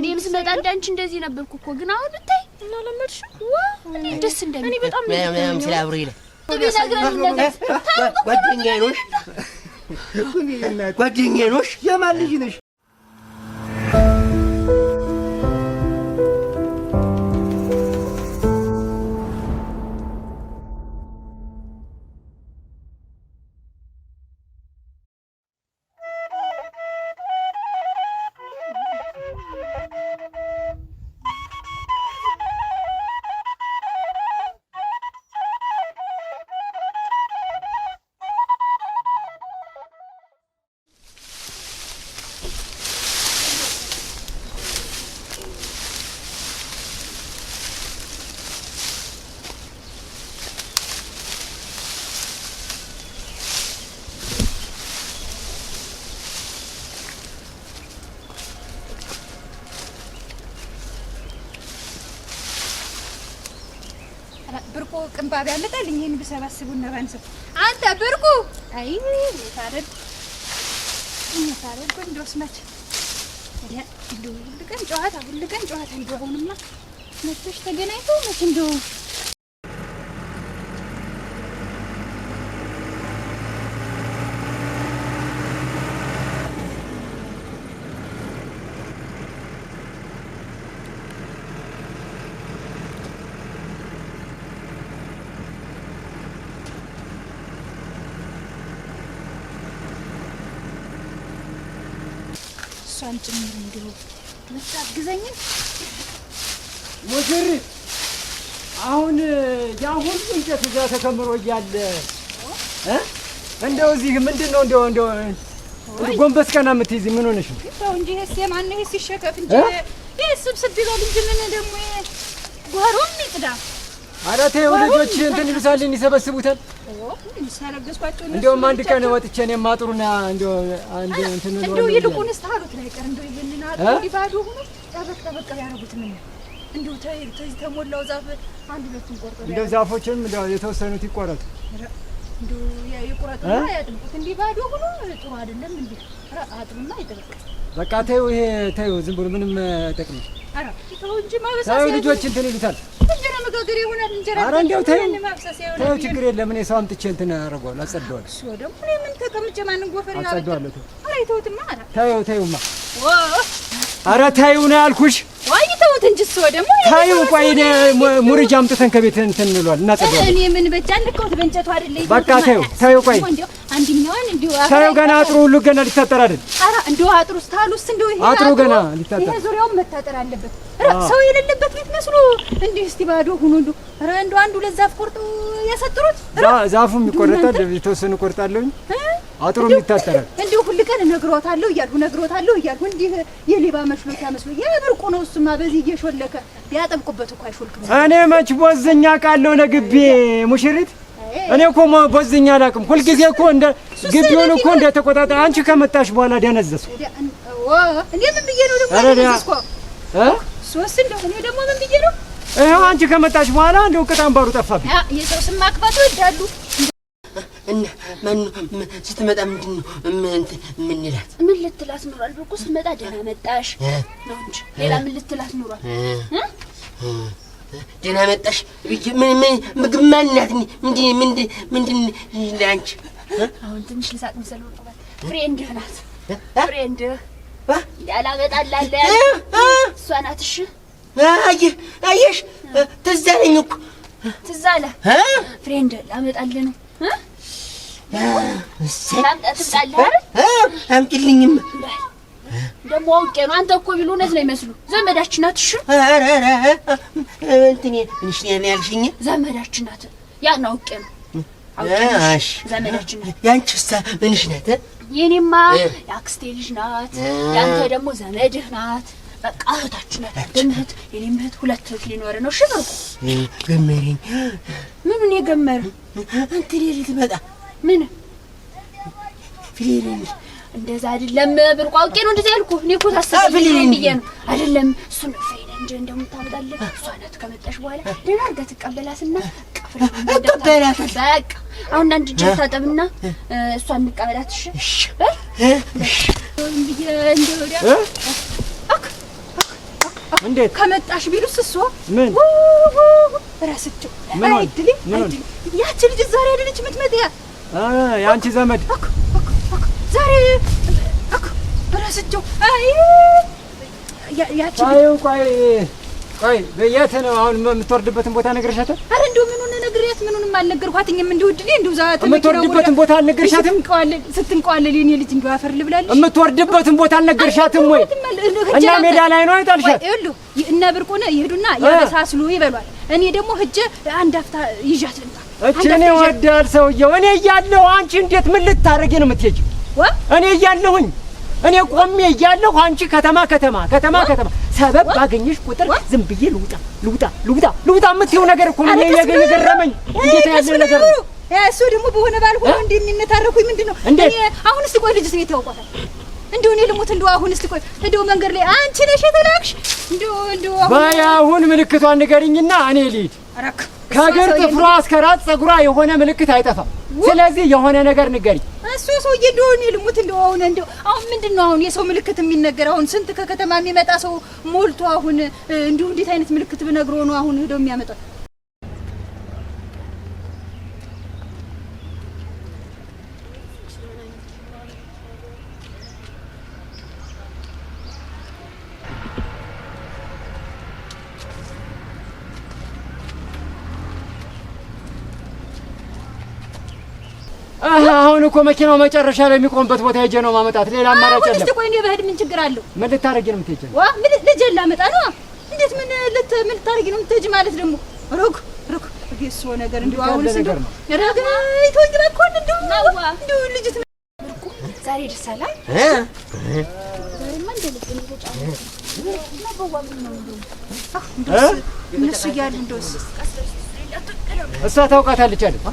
እኔም ስመጣ አንቺ እንደዚህ ነበርኩ እኮ ግን አሁን ብታይ እና ለመድሽ ዋ እኔ ደስ እንደሚል እኔ በጣም ነው ምንም ስለ አብሬ ነው ጓደኛዬ ነሽ ጓደኛዬ ነሽ የማን ልጅ ነሽ ቅንባብ ያመጣል። ይሄን ብሰባስቡና ባንሰው አንተ ብርቁ አይ ታረድ ታረድ ቆንጆ ስማች ሁሉ ቀን ጨዋታ ሁሉ ቀን ጨዋታ እንደው አሁንማ ተገናኝቶ መች እንደው አታግዘኝም? ሙሽሪት አሁን ያ ሁሉ እንጨት እዛ ተከምሮ እያለ እንደው እዚህ ምንድን ነው እንደው እንደው ጎንበስ ቀና የምትይዝ ምን ሆነሽ ነው? ተው እንጂ ይሄስ ማን ነው? ይሄስ ሸከፍ እንጂ ይሄ ስብስብ ይበል እንጂ ምን ደግሞ ጓሮም ይጥዳ። ኧረ ተይው ልጆች እንትን ይልሳልን ይሰበስቡታል። እንደውም አንድ ቀን ወጥቼ እኔም ማጥሩና እንደው አንድ እንትን ነው እንደው ይልቁንስ ታሉት ላይ ቀር እንደው ይሄንን አጥሩ ይባዱ ሆኖ ጠበቅ ጠበቅ ያደረጉት ምን እንዲሁ ተሞላው ዛፍ አንድ ሁለቱን ቆርጦ እንደው ዛፎችም የተወሰኑት ይቆረጡ እንዲሁ ይቁረጡና ያጥብቁት። እንዲህ ባዶ ሆኖ ጥሩ አይደለም። እንዲህ አጥብና ይጥብቅ። በቃ ተይው፣ ይሄ ተይው፣ ዝም ብሎ ምንም ጠቅም ተው ልጆች እንትን ይሉታል። እንጀራ መጋገር ይሆናል። እንጀራ ኧረ እንዲያው ተይው፣ ተይው፣ ችግር የለም። እኔ ሰው አምጥቼ እንትን አደርገዋለሁ፣ አጸደዋለሁ። እሱ ደግሞ እኔ ምን ተቀምጬ ማንን ጎፈር አጸደዋለሁ። ተይው፣ ተይውማ ኧረ ተይው ነው ያልኩሽ። ወይ ተውት እንጂ እሱ ደግሞ ታዩ። ቆይ ሙርጃ አምጥተን ከቤት እንትን እንሏል እና እኔ ምን በጃ እንከውት በእንጨቱ አይደለ። በቃ ታዩ ታዩ ቆይ አንድኛዋን እንዲሁ ሳይው ገና አጥሩ ሁሉ ገና ሊታጠር አይደል? ኧረ እንዲሁ አጥሩ ስታሉስ እንዲሁ ይሄ አጥሩ ገና ሊታጠር ይሄ ዙሪያውን መታጠር አለበት። ሰው የሌለበት ቤት መስሎ እንዲህ እስቲ ባዶ ሁኑ እንዲሁ ኧረ እንዲሁ አንዱ ለዛፍ ቆርጦ ያሰጥሩት። ዛፉም ይቆረጣል፣ የተወሰኑ ቆርጣለሁኝ። አጥሩም ይታጠራል። እንዲሁ ሁል ቀን እነግሮታለሁ እያልሁ እነግሮታለሁ እያልሁ እንዲህ የሌባ መሽሎኪያ መስሎ የብርቁ ነው። እሱማ በዚህ እየሾለከ ቢያጠምቁበት እኮ አይሾልክም። እኔ መች ቦዝኛ ቃለሁ ነግቤ ሙሽሪት እኔ እኮ ቦዝኛ አላውቅም። ሁልጊዜ እኮ እንደ ግቢውን እኮ እንደ ተቆጣጣ አንቺ ከመጣሽ በኋላ ደነዘሱ። ይኸው አንቺ ከመጣሽ በኋላ እንደው ቅጥ አምባሩ ጠፋብኝ። የሰው ስም ማክባት ይወዳሉ። እና ማነው ስትመጣ ምንድን ነው የምንላት? ምን ልትላት ኑሯል? ብርቁ ስትመጣ ደህና መጣሽ ነው እንጂ ሌላ ምን ልትላት ኑሯል? ደህና መጣሽ። ምግብ ማናት? ምንድን ለአንቺ አሁን ትንሽ ልሳቅ መሰል ወቅባት ፍሬንድህ ናት። ፍሬንድህ ያላመጣላለ እሷ ናት። እሺ አየሽ፣ ትዝ አለኝ እኮ ትዝ አለ። ፍሬንድ ላመጣልህ ነው። ደግሞ አውቄ ነው። አንተ እኮ ቢሉ እውነት ነው ይመስሉ ዘመዳችን ናት። እሺ እንትኔ እንሽኔ ነው ያልሽኝ? ዘመዳችን ናት። ያን አውቄ ነው። እሺ ዘመዳችን ናት። ያንቺሳ እንሽ ናት? የኔማ የአክስቴ ልጅ ናት። ያንተ ደግሞ ዘመድህ ናት። በቃ እህታችን ናት። እህት የኔም እህት ሁለት እህት ሊኖር ነው። እሺ ብርቁ ገመረኝ። ምኑን የገመረ? እንትኔ ልትመጣ ምን ፍሬ እንደዛ አይደለም ብርቁ አውቄ ነው እንደዚህ ያልኩህ። እኔ እኮ ታስብልኝ ነው ነው አይደለም። እሱን ፈይነ እንጂ እንደምታመጣለህ እሷ ናት ከመጣሽ በኋላ ደህና አድርገህ ትቀበላትና ቀበላት። በቃ አሁን አንድ እጅ ታጠብና እሷን እንቀበላት። እሺ እሺ እንዴት ከመጣሽ ቢሉስ እሷ ምን እራስቸው አይድልኝ አይድልኝ ያቺ ልጅ ዛሬ አይደለች የምትመጣ ያንቺ ዘመድ ዛሬ ረስቼው። አይ ያቺ ቆይ ቆይ፣ የት ነው አሁን የምትወርድበትን ቦታ ነግረሻታል? ኧረ እንደው ምኑን ነግሬያት ምኑንም አልነገርኳትኝም። እንደው እድሌ እንደው እዛ የምትወርድበትን ቦታ አልነገርሻትም? ስትንቀዋለል የእኔ ልጅ እንደው አፈር ልብላለች። የምትወርድበትን ቦታ አልነገርሻትም ወይ? እና ሜዳ ላይ ነው አይጣልሻት። ይኸውልህ እነ ብርቁን ይሄዱና ያበሳስሉ ይበሏል። እኔ ደግሞ ሂጅ አንድ አፍታ ይዣት ልምጣ። እቺ እኔ ወዳል ሰውዬው እኔ እያለሁ አንቺ እንዴት ምን ልታረጊ ነው የምትሄጂው? እኔ እያለሁኝ እኔ ቆሜ እያለሁ አንቺ ከተማ ከተማ ከተማ ከተማ ሰበብ ባገኘሽ ቁጥር ዝም ብዬ ልውጣ ልውጣ ልውጣ ልውጣ የምትይው ነገር እኮ ምን የገኝ ገረመኝ። እንዴት ያለ ነገር ነው እሱ ደግሞ በሆነ ባልሆነ እንዴ የሚነታረኩኝ ምንድን ነው እንዴ? አሁን እስቲ ቆይ ልጅ ስሜት ያውቋታል። እንደው እኔ ልሞት እንደው አሁን እስቲ ቆይ እንደው መንገድ ላይ አንቺ ነሽ የተላክሽ እንደው እንደው በይ አሁን ምልክቷን ንገሪኝና እኔ ልሂድ። ከግር ጥፍሯ እስከ ራት ፀጉሯ የሆነ ምልክት አይጠፋም። ስለዚህ የሆነ ነገር ንገሪኝ። እሱ ሰውዬ እንደው እኔ ልሙት እንደው አሁን እንደው አሁን ምንድን ነው አሁን የሰው ምልክት የሚነገር አሁን ስንት ከከተማ የሚመጣ ሰው ሞልቶ አሁን እንዲሁ እንዴት አይነት ምልክት ብነግሮ ነው አሁን ሄዶ የሚያመጣው እኮ መኪናው መጨረሻ ላይ የሚቆምበት ቦታ ሄጄ ነው ማመጣት። ሌላ አማራጭ የለም። እስቲ ቆይ እኔ በህድ ምን ችግር አለው? ምን ልታረጊ ነው የምትሄጂ? ዋ ምን ልጄ ላመጣ ነው? እንዴት ምን ልት ምን ልታረጊ ነው የምትሄጂ ማለት ደግሞ? ሩክ ሩክ እሱ ነገር እንዲሁ አሁን እንዲሁ ረጋ ይቶኝ ባኮን እንዲሁ እንዲሁ ልጅት ዛሬ ደሳላ እ ዛሬማ እንደ ልብ ነው ተጫወተ ነው በዋግ ነው እንዲሁ እነሱ እያሉ እንደውስ እሷ ታውቃታለች አይደል?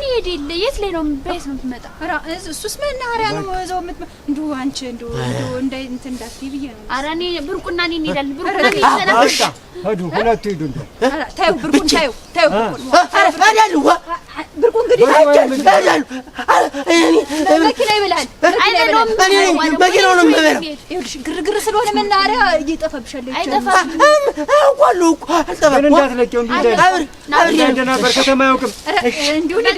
መሄድ የት ላይ ነው በየት ነው የምትመጣ? እሱስ መናኸሪያ ነው እዛው ምት እንዱ አንቺ እንዱ እንዱ እንትን እንዳትዪ ብዬ ነው። ኧረ እኔ ብርቁና እኔ እንሄዳለን። ብርቁና እኔ ሁለቱ ሂዱ። እንዱ ተይው ብርቁን ተይው ተይው ብርቁን እሄዳለሁ። ብርቁ እንግዲህ መኪና ይበላል። አይደለም መኪናው ነው የምበላው። ይኸውልሽ ግርግር ስለሆነ መናኸሪያ እየጠፋብሻል። አይጠፋም አውቃለሁ እኮ አልጠፋም። እንዳትለቂው እንዱ እንዳይ አብሬ ከተማ አያውቅም እንዲሁ ነገ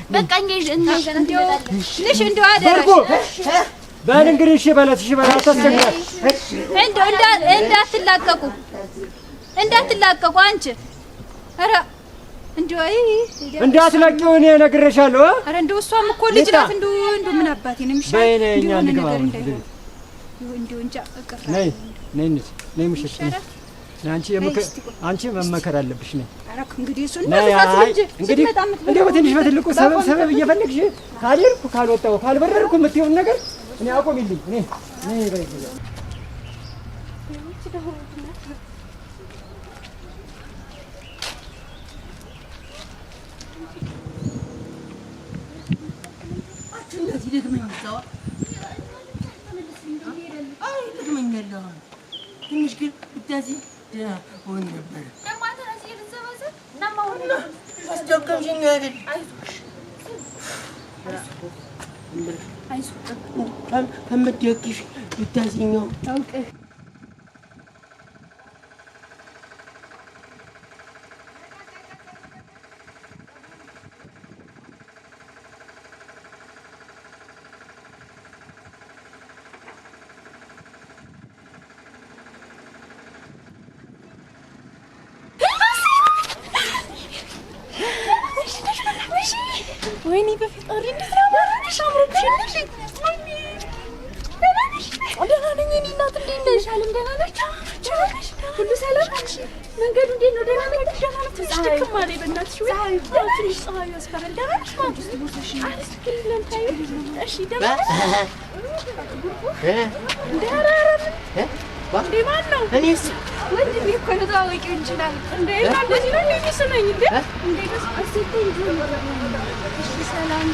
በል እንግዲህ እሺ በላት፣ እሺ በላት። አታስቸግራት፣ እንዳትላቀቁ እንዳትላቀቁ። አንቺ ኧረ እንደው አይ እንዳትለቂው እኔ ነግሬሻለሁ። ኧረ እንደው እሷም እኮ ልጅ ናት። እንደው እንደው ምን አባቴ ነው የሚሻል የሆነ ነገር እንዳይሆን እንደው እንጃ። ነይ ነይ ነይ፣ ምሽት ነይ። አንቺ መመከር አለብሽ ነይ እንግዲህ እንደው በትንሽ በትልቁ ሰበብ ሰበብ እየፈለግሽ ካልሄድኩ ካልወጣሁ ካልበረርኩ የምትይውን ነገር እኔ አቆሚልኝ እኔ እኔ ትንሽ ግን ብታዚህ ደህና ሆን ነበረ። አስደገምሽኝ አይደል? ከምትደግሽ ብታዝኛው ወይኔ በፈጣሪ እንዴት ነው ባለሽ? ሁሉ ሰላም መንገዱ እንዴት ነው? ደህና ነሽ? ደህና ነሽ? ትንሽ አለኝ በእናትሽ። ትንሽ ፀሐዩ ያስፈራል። ደህና ነሽ? እሺ ደህና ነሽ? እንዴ ማን ነው? እኔስ ወንድሜ እኮ ነው። ታወቂው እንችላል እንዴ? ማን ነው የሚስመኝ እንዴ? እንዴ እስቲ እንጂ ወንድሜ ነው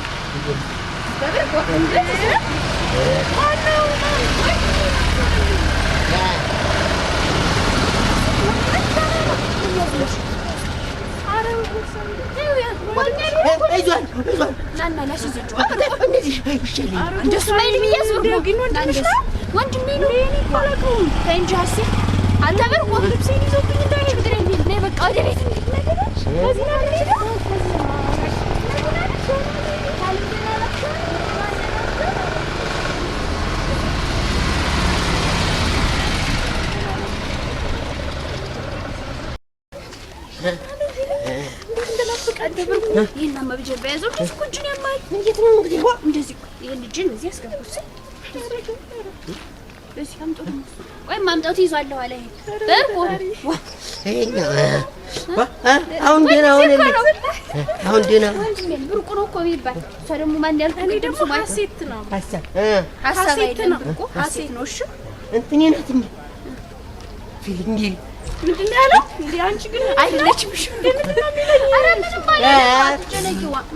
ማምጣቱ ይዟለሁ አሁን ደህና ሆነ። አሁን ደህና ብርቁ ነው እኮ የሚባል እሷ ደግሞ ማን ያልኩት ደግሞ ሀሴት ነው ሀሳብ አይደለም ብርቁ ሀሴት ነው። እሺ እንትኔ ናት እንደ ፊልም ምንድን ነው ያለው? እንደ አንቺ ግን አይደለችም። እሺ ነው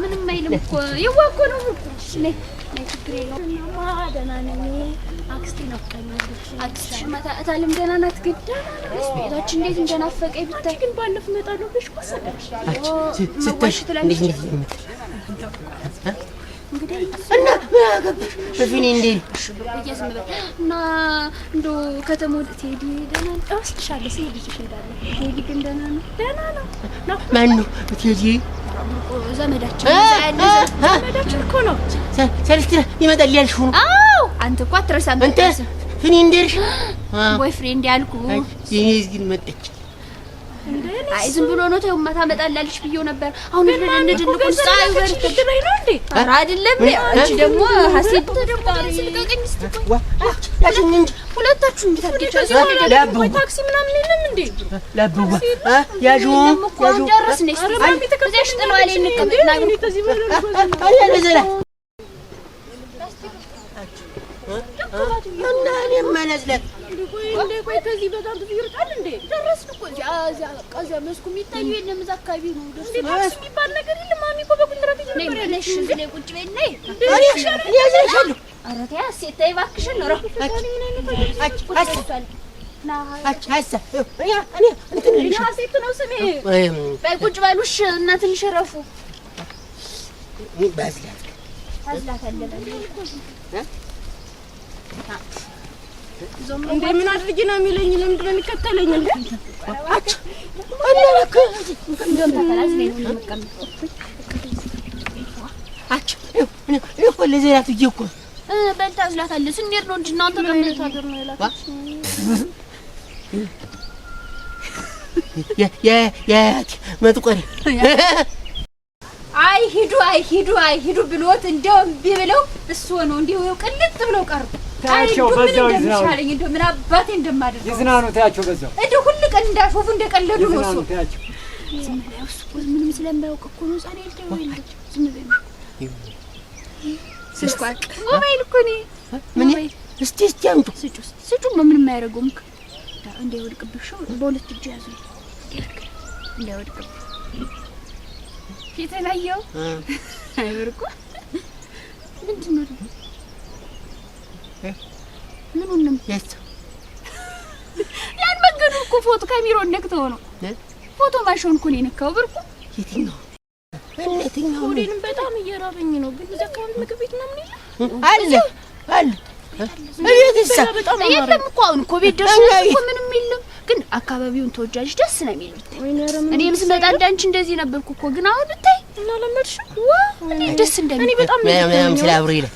ምንም አይልም እኮ ይዋ እኮ ነው እኮ። እሺ ነይ ነይ፣ ችግር የለውም። ደህና ነኝ። አክስቴ ናፍቃኛለች። አክስቴ መጣ እታለም ደህና ናት። ግን ቤታችን እንዴት እንደናፈቀኝ ብታይ። ግን ባለፈው እመጣለሁ ብለሽ እኮ ሰደብሽ። መዋሸት ትላለች እንግዲህ በፊኔ እንዴ እና እንዶ ከተማ ወደ ቴዲ ደህና ነው እወስድሻለሁ። ሴት ልጅሽ እንዳለ ቴዲ ግን ደህና ነው፣ ደህና ነው። ማነው ቴዲ? ዘመዳችን ዘመዳችን እኮ ነው። ሰለስቲና ይመጣል ያልሽው ነው? አዎ አንተ እኮ አትረሳም። እንትን እኔ እንደሄድሽ ቦይፍሬንድ ያልኩ ይሄ እዚህ መጣች አይ ዝም ብሎ ነው። ተው ማታ መጣላልሽ ብዬው ነበር። አሁን እንደነድን ቁርሳ አይበር ትግራይ ነው እንዴ? ኧረ አይደለም። እቺ ደግሞ ሀሴት ሁለታችሁ ታክሲ ምናምን የለም እንዴ? ነሽ። እና እኔም መነዝለት እንደ ቆይ ከዚህ በጣም ብዙ ይርቃል እንዴ? ደረስን እኮ እዚያ እዚያ በቃ እዚያ መስኩ የሚታዩ የለም። እዛ አካባቢ ነው ደስ ደስ የሚባል ነገር የለም። ማሚ እኮ በቁጥረት ይጀምራል። ነሽ እዚህ ቁጭ በይ ነይ። እሺ ኧረ ተይ ሴት ተይ እባክሽን ኖሮ ሴት እንዴ ምን አድርጊ ነው የሚለኝ? ለምንድን ነው የሚከተለኝ? እንዴ አች አይ ሂዱ አይ ሂዱ አይ ሂዱ ብሎት እንደው እምቢ ብለው እሱ ነው እንደው ቅልጥ ብለው ቀሩ። ታያቸው በዛው ይዝናኑ። እንደው ምን አባቴ እንደማደርገው ይዝናኑ። ታያቸው በዛው እንደው ሁሉ ቀን እንዳሾፉ እንደቀለዱ ነው። እሱ ምንም ስለማያውቅ እኮ ነው። ጻኔ ሞባይል እኮ እኔ ሞባይል እስቲ እስቲ አምጡ። ስጩ ስጩ ምንም አያደርገውም። እንዳይወድቅብሽ በሁለት እጅ ያዙ። እንዳይወድቅብሽ ፊት ላየው አይበርቁ ምንድን ነው ምኑንም የት ያን መንገዱ እኮ ፎቶ ካሜራውን ነክተው ነው ፎቶ ማሽን እኮ ነው የነካው። ብርቁ የትኛው እነትኛው ወዴንም በጣም እየራበኝ ነው። ግን እዛ አካባቢ ምግብ ቤት ምናምን የለም አለ አለ የለም እኮ አሁን እኮ ቤት ደርሶ እኮ ምንም የለም። ግን አካባቢውን ተወጃጅ ደስ ነው የሚል እኔም ስመጣ እንዳንቺ እንደዚህ ነበርኩ እኮ ግን አሁን ብታይ እና ለመድሽ ደስ እንደሚል በጣም ስለ አብሮ ይላል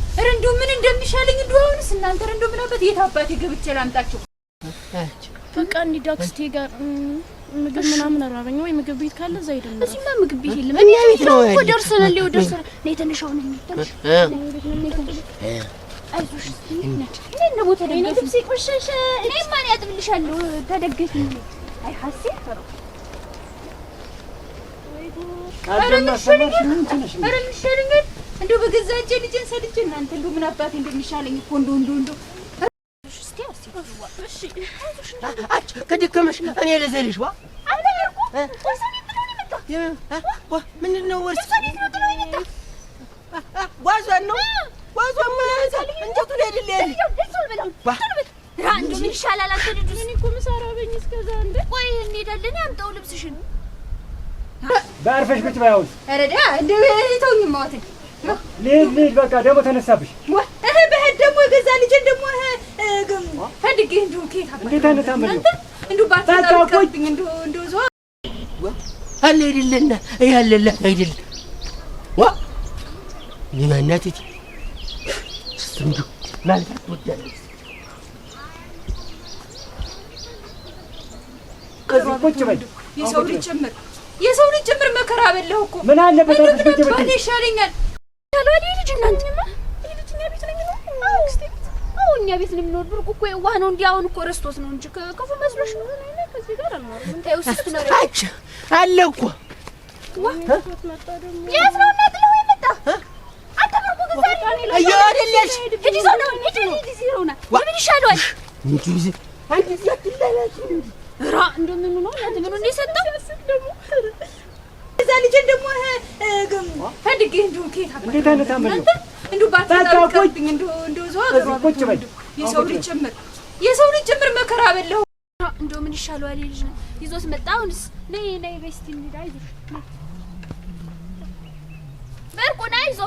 ኧረ እንደው ምን እንደሚሻለኝ እንደው አሁንስ እናንተ ኧረ እንደው ምን የት አባቴ ገብቼ ላምጣችሁ? በቃ እንሂድ አክስቴ ጋር ምግብ ምናምን አራበኝ ወይ ምግብ ቤት ካለ እዛ ሄደን ማ ምግብ ቤት የለም። እኛ ቤት ነው እኮ ደርሰናል። ይኸው ደርሰናል። ነይ ትንሽ አሁን እንሂድ። አይዞሽ እኔን ነው ቦታ ላይ ልብስ ይቆሸሸ። እኔማ እኔ አጥብልሻለሁ። ተደገፊ። አይ ሐሴት ተሮ ኧረ ምን ይሻለኛል? ኧረ ምን እንደው በገዛ እጄ ልጄን ሰድጄ እናንተ እንደው ምን አባቴ እንደሚሻለኝ እኮ እንደው እንደው እንደው አንቺ ከደከመሽ እኔ ልዘልሽ። ዋ ምንድን ነው ወርስ ጓዟን ነው ጓዟን ማለት እንጀቱ ላይ አይደል ምን ይሻላል? አንተ ልጁ እኔ እኮ ምሳራ በኝ እስከዛ እንደ ቆይ እንሄዳለን። ያምጣው ልብስሽን ባርፈሽ ብትባያውን ረዳ እንደው ተውኝ ማወትን ልሂድ ልሂድ፣ በቃ ደግሞ ተነሳብሽ። እህ በህድ ደግሞ የገዛ ልጄን ደግሞ ፈልጌ እንዲሁ እንዴት አይነት አመል ነው እንዲሁ ባታቀብኝ እንዲሁ እንዲሁ ዞ አለ ይድልና ያለላ አይድል ዋ ይባናትት ስትምዱ ማልፋት ትወዳለች። ከዚህ የሰው ልጅ ጭምር የሰው ልጅ ጭምር መከራ በላሁ እኮ ምን አለበት ቁጭ ይሻለኛል እኛ ቤት ነው የምኖር። ብርቁ እኮ የዋህ ነው። እንዲህ አሁን እኮ ረስቶት ነው እንጂ ክፉ መስሎሽ ነው። ከዚህ አለ እኮ የት ነው እናት ልሆ የመጣ አንተ ብርቁ ግን ዛሬ እየወደለሽ ሂጂ ሰው ነው ሂጂ ነው ምን ይሻለዋል እንጂ አንቺ ዘት ራ እንደምኑ ነው ያትብሉ እንደ ልጄን ደግሞ ፈልጌ እንዲሁ ከየት እንዴት ነው እንዲሁ ባታቀብኝ እንዲሁ እንዲሁ ቁጭ በል የሰው ልጅ ጭምር የሰው ልጅ ጭምር መከራ በለው እንደው ምን ይሻለዋል ልጅ ነው ይዞት መጣ አሁንስ ነይ ነይ በስቲ እንሂድ አይዞሽ በርቁን አይዞ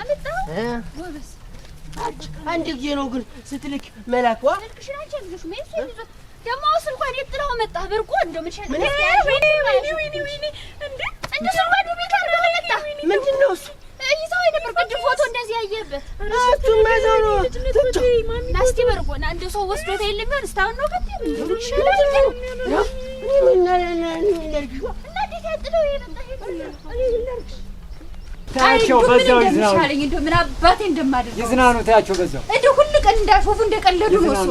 አመጣው ጎበዝ አንድ ጊዜ ነው ግን ስትልክ መላክዋ ልክሽናቸ ልሽ ሜሱ ይዞት ደግሞ ስልኳ እኔ ጥለው መጣ? ብርቁ በርቆ እንደ ሰው ወስዶታ የለም ይሆን ነው ምን በዛው ይዝናኑ አባቴ ይዝናኑ። ታያቸው በዛው እንደ ሁሉ ቀን እንዳሾፉ እንደቀለዱ ነው እሱ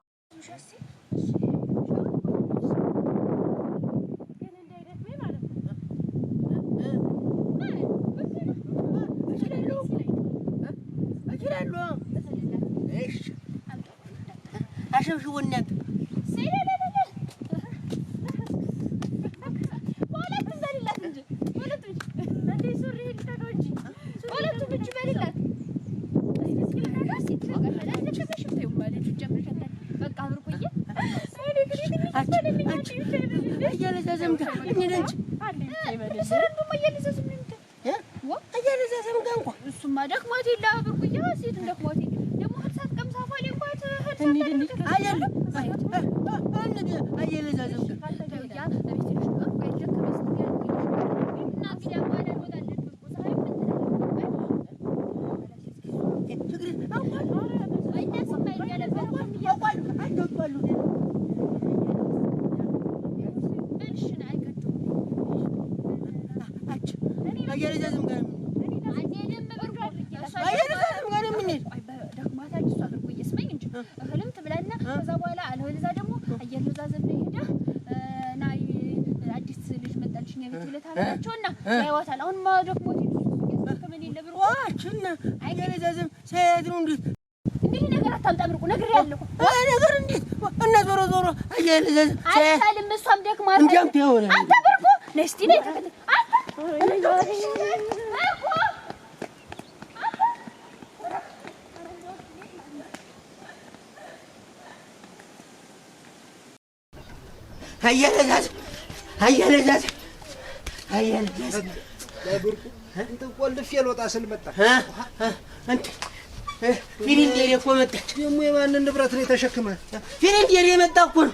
ፊሪንዴሬ እኮ መጣች። ደግሞ የማንን ንብረት ነው የተሸክመህ? ፊሪንዴሬ የመጣ እኮ ነው።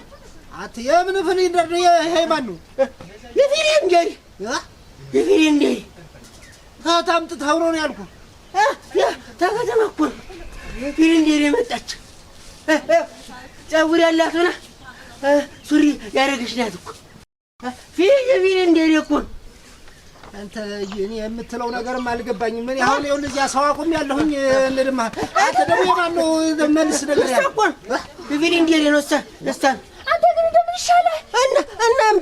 የምን ፍሊንደር ነው? ይሄ ማን ነው? የፊሊንደር የፊሊንደር ታምጥታው ነው ያልኩህ። ተከተማ እኮ ነው የፊሊንደር የመጣች ጸጉር ያላት ሆና ሱሪ ያደረገች ናት እኮ የፊሊንደር እኮ ነው። አንተ የምትለው ነገርም አልገባኝም። ምን ያሁን ይሁን እዚያ ሰው አቁም ያለሁኝ እንድማ አንተ ደግሞ የማን ነው መልስ ነገር ያለው እኮ ነው የፊሊንደር ነው። እሷ እሷ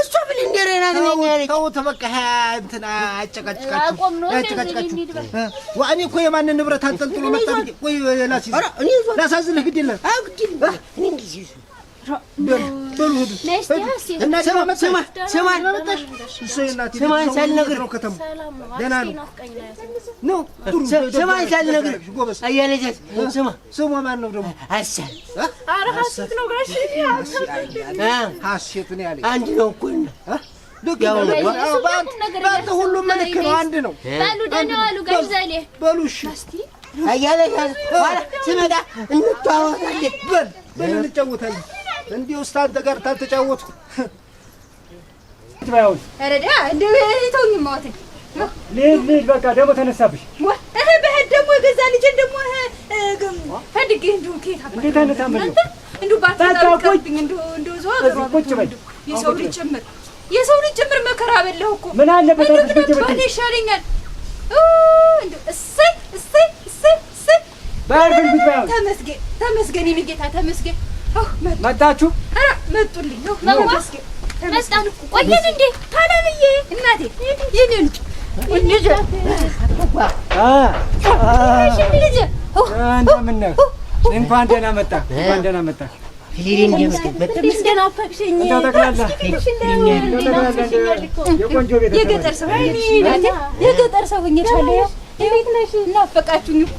እሷ ፊልንዴሬ የማንን ንብረት አንጠልጥሎ መጣ? ላሳዝንህ። ግድ የለም በሉ ሂዱ። እናቴ ስማ ስማኝ ሳልነግርህ ደህና ነው። ስማኝ ሳልነግርህ አያሌ ጃት ስማ ስሟ ማን ነው ደግሞ? አሳል ኧረ ሀሴት ነው ጋሼ ሀሴት ነው ያለኝ አንድ ነው እኮ በአንተ ሁሉም ልክ ነው። አንድ ነው በሉ እሺ አያሌ ጃት እንጫወታለን። በል እንጫወታለን እንዲሁ ስታንተ ጋር ታልተጫወትኩ ባይሆን ረዳ እንደው ተውኝ ማወተኝ ልሂድ ልሂድ፣ በቃ ደግሞ ተነሳብሽ። እህ በህድ ደግሞ የገዛ ልጄን ደግሞ ፈድግ እንዱ ኬታ እንዴት አይነት እንዱ እንዲሁ ባታቆኝ እንዱ እንዱ ዘዋ ቁጭ በል የሰው ልጅ ጭምር የሰው ልጅ ጭምር መከራ በላሁ እኮ ምን አለበት ባል ይሻለኛል። እሰይ እሰይ እሰይ እሰይ ተመስገን ተመስገን የኔ ተመስገን። መጣችሁ? መጡልኝ። እንኳን ደህና መጣ። እንኳን ደህና መጣ። የገጠር ሰው የገጠር ሰው ሆኜ የቤት ነሽ። እናፈቃችሁኝ እኮ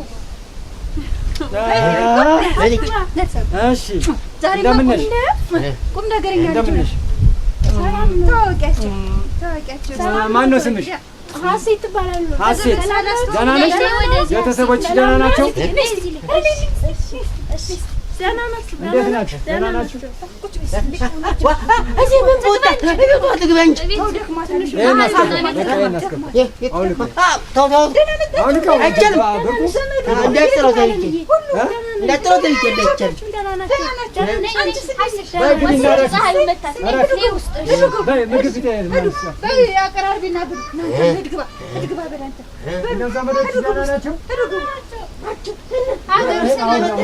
ቁም ነገረኛ ልጅ ነሽ። ታወቂያቸው ነው ስምሽ? ሀሴት ትባላለሁ። ሀሴት ደህና ነሽ? ቤተሰቦች ደህና ናቸው? Sen anlatsın. Ben anlatsın. Sen anlatsın. Hadi ben burada. Ben burada ben. Ne nasıl? Ye, ye. Ha, tamam tamam. Ekkel. Dekter o da ki. Dekter o da ki dekter. Ben ya karar bir nadir. Hadi gıba. Hadi gıba berante. Ben zaman da sizden anlatacağım. Hadi gıba. እንግዲህ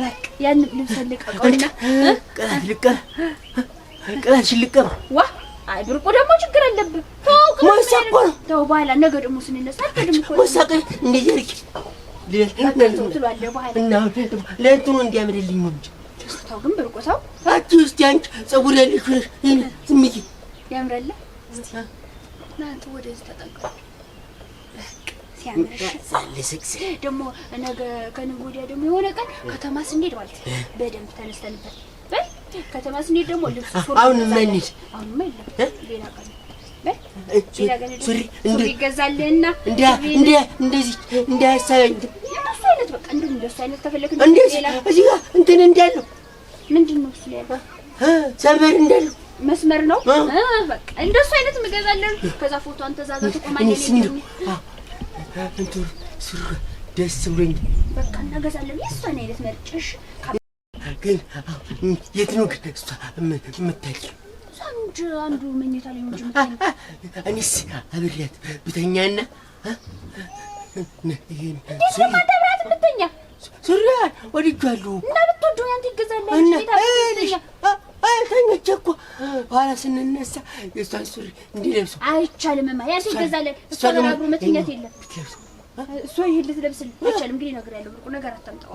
በቃ ያን ልብስ ልቀቀውና ቀላል ልቀም ቀላል ሽልቀም ዋ አይ ብርቁ ደግሞ ችግር አለብህ። ተው መሳቆ ነው። ተው በኋላ ነገ ደግሞ ስንነሳ አትቀድም እኮ መሳቆ ለእንትኑ እንዲያምርልኝ ነው እንጂ ተው ግን ብርቁ ተው። አንቺ እስኪ አንቺ ፀጉር ያለሽ ነሽ ዝም ብዬሽ ያምራል። እስኪ ወደዚህ ተጠጋ ያምርሽ ደግሞ ነገ ከነገ ወዲያ ደግሞ የሆነ ቀን ከተማ ስንሄድ ማለት በደንብ ተነስተንበት በል። ከተማ ስንሄድ ደግሞ ልብስ አሁን ማንሄድ አሁን የለም ሌላ ቀን ሱሪ ይገዛልህና እንደዚህ እንዳያሳያኝ እንደሱ አይነት በቃ እንደው እንደሱ አይነት ከፈለክ እንደዚህ እዚህ ጋር እንትን እንዳለው ምንድን ነው እሱ ያለው ሰበር እንዳለው መስመር ነው በቃ እንደሱ አይነት እገዛለሁ። ከዛ ፎቶ አንተ እዛ ጋር ትቆማለህ። እንትን ስር ደስ ብሎኝ በቃ እናገዛለን። የእሷን አይነት መርጨሽ ግን የት ነው ግን እሷ የምታውቂው? እሷ አንዱ መኝታ ላይ እንጂ እኔስ አብሬያት ብተኛና ወድጃለሁ እና ብትወደው ያንተ ተኞቼ እኮ ኋላ ስንነሳ የእሷን ሱሪ እንዲለብሱ አይቻልም። ማ ያንተ ይገዛል። እሷ አብሮ መተኛት የለም እሷ ይሄን ልትለብስልህ አይቻልም። እንግዲህ እነግርሃለሁ። ብርቁ ነገር አታምጣው።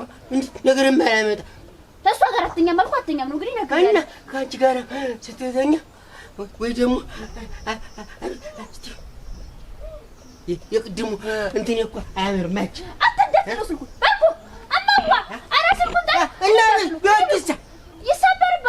ነገር የማያመጣ ከእሷ ጋር አትተኛም አልኩህ። አትተኛም ነው እንግዲህ ነገር እና ከአንቺ ጋር ስትተኛ ወይ ደግሞ የቅድሙ እንትን እኮ አያምርም። አንቺ አትንዳት ስልኩን በልኩ አማዋ አራ ስልኩን ታ እና ቢወድስ